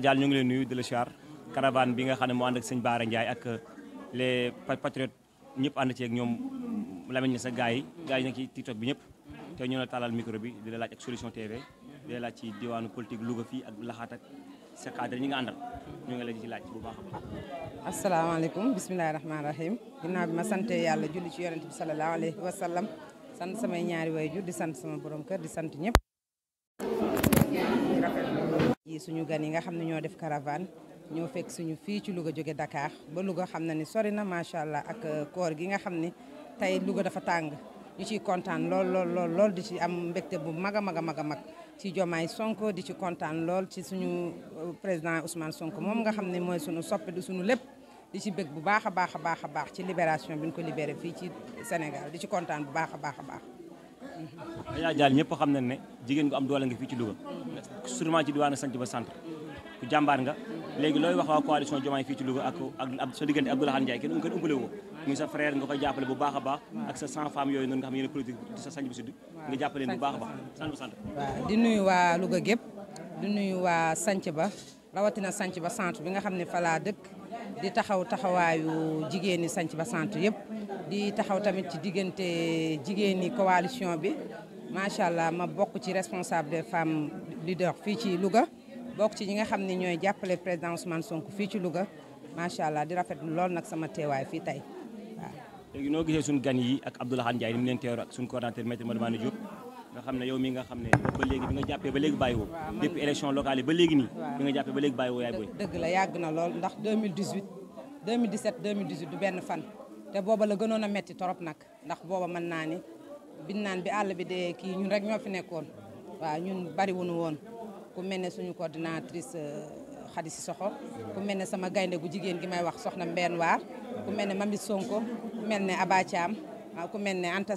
Dial ñu ngi lay nuyu di la char caravane bi nga xamne mo and ak seigne Baara Ndiaye ak les patriotes ñëpp and ci ak ñom Lamine sa gaay gaay gars ci TikTok bi ñëpp te ñu la talal micro bi di la laaj ak solution TV di la laaj ci diwanu politique Louga fi ak laxaat ak sa cadre ñi nga andal ñu ngi leen di laaj bu baax assalamu alaykum bismillahir rahmanir rahim ginnaaw bi ma sante yalla julli ci yaronte bi sallallahu alayhi wa sallam sante samay ñaari wayju di sante sama borom kër di sante ñëpp suñu gan yi nga xam ne ñoo def caravane ñoo fekk suñu fii ci Louga jóge Dakar ba Louga xam na ni sori na macha allah ak euh, koor gi nga xam ni tey Louga dafa tàng ñu ciy kontaan lool lool di ci am mbégte bu mag a mag a mag a mag ci Jomaay Sonko di ci kontaan lool ci suñu euh, président Ousmane sonk moom nga xam ne mooy suñu soppe di suñu lépp di ci bég bu baax a baax a baax a baax ci libération bi ñu ko libéré fii ci Sénégal di ci kontaan bu baax a baax a baax Adja Diallo ñëpp xam nañ ne jigéen gu am doole nga fii ci Louga léegi looy wax waa coalition Diomaye fii ci Louga ak ak sa diggante Abdoulaye Ndiaye kenn kenn umpale woo sa frère nga koy jàppale bu baax a baax ak sa cent femmes yooyu noonu nga xam yéen politique sa sanc bu sud nga jàppale bu baax a baax di nuyu waa Louga gépp di nuyu waa sanc ba rawatina sanc ba sant bi nga xam ne falaa dëkk di taxaw taxawaayu jigéen ñi sanc ba sant yëpp di taxaw tamit ci diggante jigéen ñi coalition bi macha allah ma bokk ci responsable des femmes leader fii ci Louga bokk ci ñi nga xam ni ñooy jàppale président man Sonko fii ci Louga macha allah di rafet lool nag sama teewaay fii tey waaw. léegi noo gisee suñu gan yi ak Abdoulaye Ndiaye ni mu leen teeru ak suñu coordonnateur maître Mademane Diop nga xam ne yow mi nga xam ne ba léegi bi nga jàppee ba léegi bàyyiwoo depuis élection locale yi ba léegi nii bi nga jàppee ba léegi bàyyiwoo yaay booy dëgg la yàgg na lool ndax 2018 2017 2018 du benn fan te booba la gënoon a metti torop nag ndax booba mën naa ni bin naan bi àll bi de kii ñun rek ñoo fi nekkoon waa ñun bari woon ku mel ne suñu koordinatrice coordinatrice euh, si soxo ku mel ne sama gaynde gu jigéen gi may wax soxna Mbène Waar ku mel ne Mami Sonko ku mel ne Aba Thiam ku mel ne Anta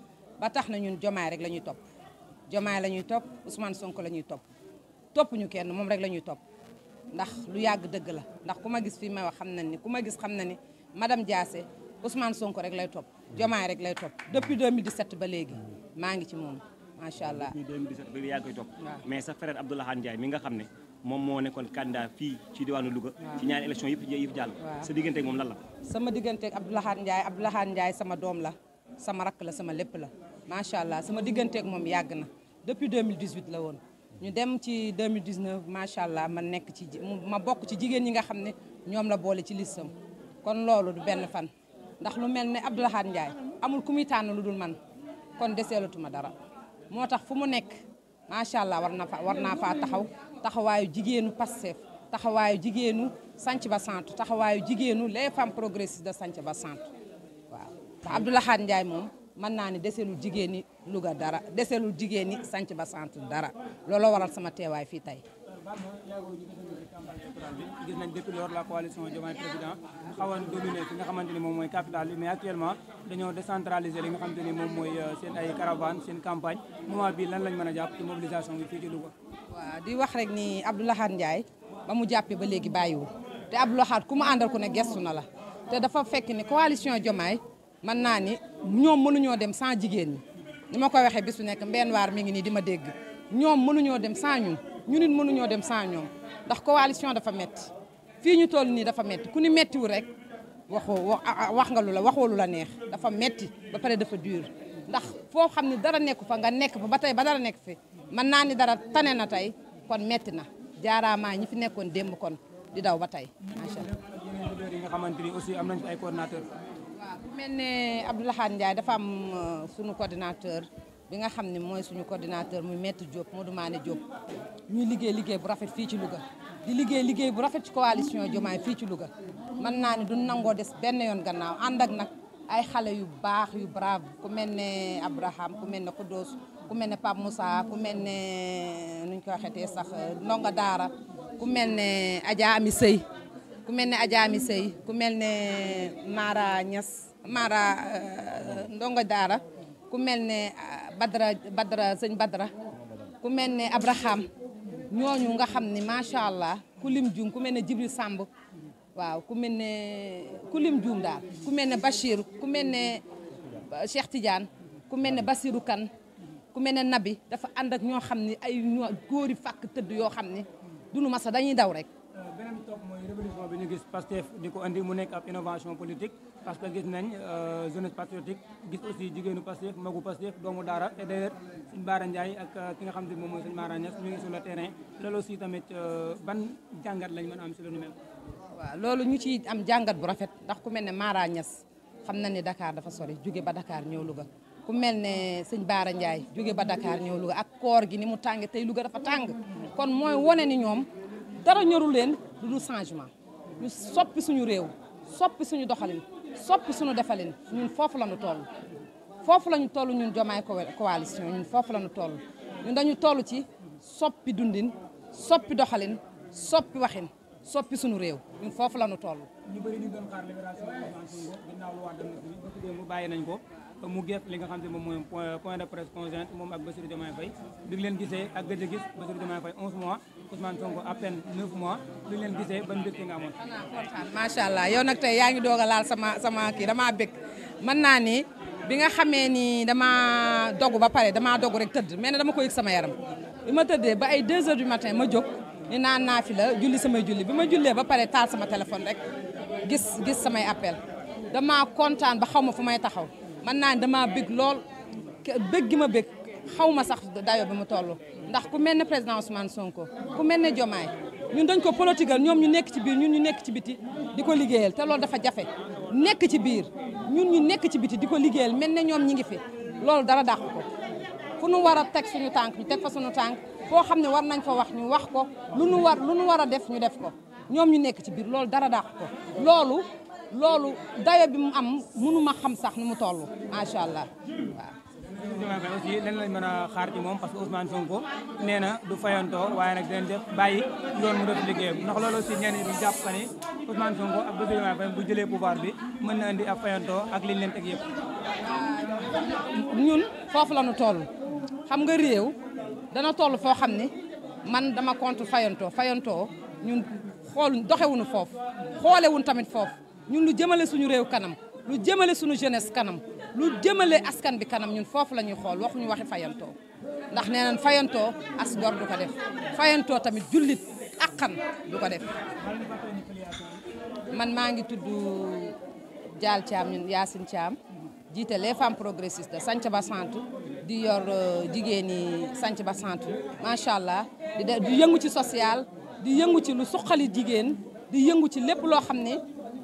ba tax na ñun jomaay rek la ñuy topp jomaay la ñuy topp Ousmane Sonko la ñuy topp topp ñu kenn moom rek la ñuy topp ndax lu yàgg dëgg la ndax ku ma gis fii may wax xam na ni ku ma gis xam na ni madame Diassé Ousmane Sonko rek lay topp jomaay rek lay topp depuis 2017 ba léegi maa ngi ci moom macha allah depuis 2017 ba léegi yaa ngi koy topp mais sa frère Abdoulaye Ndiaye mi nga xam ne moom moo nekkoon candidat fii ci diwaanu Louga ci ñaari élection yëpp yëpp jàll sa diggante moom lan la sama diggante ak Abdoulaye Ndiaye Abdoulaye Ndiaye sama doom la sama rakk la sama lépp la macha allah sama digganteek moom yàgg na depuis de 2018 la woon. ñu dem ci de 2019 macha allah ma nekk ci ma bokk ci jigéen ñi nga xam ne ñoom la boole ci listam kon loolu du benn fan ndax lu mel ne Abdou Lahad Ndiaye amul ku muy tànn lu dul man kon deseelatuma dara moo tax fu mu nekk macha allah war na fa war naa faa taxaw taxawaayu jigéenu Pastef taxawaayu jigéenu Sanc ba sant taxawaayu jigéenu les femmes progressistes de Sanc ba Santu waaw Abdou mën naa ne deselul jigéen ñi Louga dara deselul jigéen ñi sanc ba centre dara looloo waral sama teewaay fii tey. gis nañ depuis la coalition Diomaye président xaw a dominé nga xamante ni moom mooy capital bi mais actuellement dañoo décentraliser li nga xamante moom mooy euh, seen ay caravane seen campagne moment bi lan lañ mën a jàpp ci mobilisation bi fii ci Louga. waaw di wax rek nii Abdou Lahad Ndiaye ba mu jàppee ba léegi bàyyiwul te Abdou Lahad ku mu àndal ku ne gestu na la te dafa fekk ni coalition Diomaye man naa ni ñoom mënuñoo dem sans jigéen ñi ni ma koy waxee bisu nekk mbenn waar mi ngi nii di ma dégg ñoom mënuñoo dem sans ñun ñu nit mënuñoo dem sans ñoom ndax coalition dafa metti fii ñu toll nii dafa metti ku ni mettiwu rek waxoo wax nga lu la waxoo lu la neex dafa metti ba pare dafa dur ndax foo xam ne dara nekku fa nga nekk fa ba tey ba dara nekk fi man naa ni dara tane na tey kon metti na jaaraamaa ñi fi nekkoon démb kon di daw ba tey macha allah. yi nga xamante ni aussi am nañ fi ay coordinateur waaw mel ne Abdoulahane Ndiaye dafa am euh, sunu coordinateur bi nga xam ne mooy suñu coordinateur muy maître Diop Modou Mané Diop ñuy liggéey liggéey bu rafet fii ci Louga di liggéey liggéey bu rafet ci coalition Diomaye fii ci Louga mën naa ne du nangoo des benn yoon gannaaw ànd ak nag ay xale yu baax yu brave ku mel ne Abraham ku mel ne Kodos ku mel ne Pape Moussa ku mel ne nuñ ko waxetee sax euh, ndonga daara ku mel ne Adja Ami Sey ku mel ne Adjami Sey ku mel ne Mara Niass Mara ndongo daara ku mel ne Badra Badra sëñ Badra ku mel ne Abraham ñooñu nga xam ni macha allah ku lim jum ku mel ne Jibril Samb waaw ku mel ne ku lim juum daal ku mel ne Bachir ku mel ne Cheikh Tidiane ku mel ne Basirou Kane ku mel ne Nabi dafa ànd ak ñoo xam ni ay ñoo góori fàkk tëdd yoo xam ne duñu masa dañuy daw rek révolution bi ñu gis Pastef di andi mu nekk ab innovation politique parce que gis eh, nañ jeunesse patriotique gis aussi jigéenu Pastef magu Pastef doomu daara te d'ailleurs sëñ Baara Ndiaye ak ki eh, nga xam ne moom mooy Mara ñu ngi sur le terrain aussi tamit eh, ban jàngat lañ mën am si lu ni mel waaw loolu ñu ci am jàngat bu rafet ndax ku mel Mara Niass xam na Dakar dafa sori jóge ba Dakar ñëw Louga ku mel ne sëñ Baara Ndiaye ba Dakar ñëw Louga ak koor gi ni mu dafa kon mooy wone ni ñoom dara ñorul lu dul changement ñu soppi suñu réew soppi suñu doxalin soppi suñu defalin ñun foofu la nu toll foofu la ñu toll ñun jomaay coalition ñun foofu la ñu toll dañu toll ci soppi dundin soppi doxalin soppi waxin soppi suñu réew ñun foofu la ñu toll. ñu bëri ñu mu bàyyi nañ ko mu geef li nga xam te moom mooy point de presse conjointe moom ak Bassirou Diomaye Faye bi leen gisee ak gëj a gis Bassirou Diomaye Faye mois. Ousmane Sonko à peine 9 mois lu leen gisee ban mbégte nga amoon. xanaa kontaan macha allah yow nag tey yaa ngi doog a laal sama sama kii damaa bég mën naa ni bi nga xamee ni damaa dogu ba pare damaa dogu rek tëdd mais ne dama ko yëg sama yaram bi ma tëddee ba ay 2 heures du matin ma jóg ni naa naa fi la julli samay julli bi ma jullee ba pare taal sama téléphone rek gis gis samay appel damaa kontaan ba xaw ma fu may taxaw mën naa ni damaa bég lool bég gi ma bég xaw ma sax dayo bi mu toll. ndax ku mel ne président Ousmane ko ku mel ne Diomaye ñun dañ ko politigal ñoom ñu nekk ci biir ñun ñu nekk ci biti di ko liggéeyal te loolu dafa jafe nekk ci biir ñun ñu nekk ci biti di ko liggéeyal mel ne ñoom ñi ngi fi loolu dara dàq ko fu nu war a teg suñu tànk ñu teg fa suñu tànk foo xam ne war nañ fa wax ñu wax ko lu nu war lu nu war a def ñu def ko ñoom ñu nekk ci biir loolu dara dàq ko loolu loolu dayo bi mu am munu ma xam sax nu mu toll macha allah Diomaye Faye aussi lan lañ mën a xaar ci moom parce que Ousmane Sonko nee na du fayantoo waaye nag dinañ def bàyyi yoon mu def liggéeyam ndax loolu aussi ñenn ñi duñ jàpp ka ni Ousmane Sonko ak Bassirou Diomaye Faye bu jëlee bi mën na andi ab fayantoo ak liñ leen teg yëpp. ñun foofu la ñu toll xam nga réew dana toll foo xam ni man dama contre fayantoo fayantoo ñun doxewu doxewuñu foofu xoolewuñu tamit foofu ñun lu jëmale suñu réew kanam lu jëmale suñu jeunesse kanam. lu jëmale askan bi kanam ñun foofu la ñuy xool waxuñu waxi fayantoo ndax nee nañ fayantoo as du ko def fayantoo tamit jullit akkan du ko def man maa ngi tudd Dial Thiam ñun Yacine Thiam jiite les femmes progressistes de Santhiaba Centre di yor euh, jigéen ñi ba santu macha allah di yëngu ci social di yëngu ci lu suqali jigéen di yëngu ci lépp loo xam ne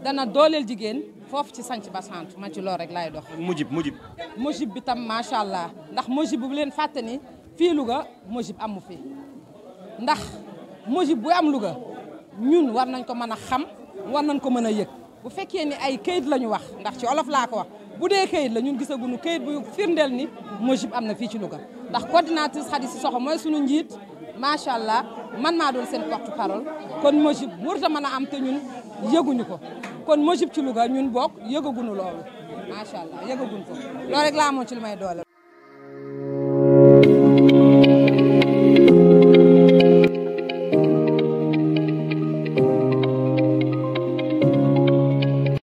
dana dooleel jigéen foofu ci sanc Bassante man ci loolu rek laay dox. mujib mujib. mujib bi tam macha allah ndax mujib bu leen fàtte ni fii Louga mujib amu fi ndax mujib bu am Louga ñun war nañ ko mën a xam war nañ ko mën a yëg bu fekkee ni ay kayit lañu wax ndax ci olof laa ko wax bu dee kayit la ñun gisaguñu kayit bu firndeel ni mujib am na fii ci Louga ndax coordinatrice si soxo mooy sunu njiit macha allah man maa doon seen porte parole kon mujib warut a mën a am te ñun yëguñu ko. kon moo jub ci Louga ñun bokk yëgaguñu loolu macha allah yëgaguñu ko loolu rek laa amoon ci lu doole.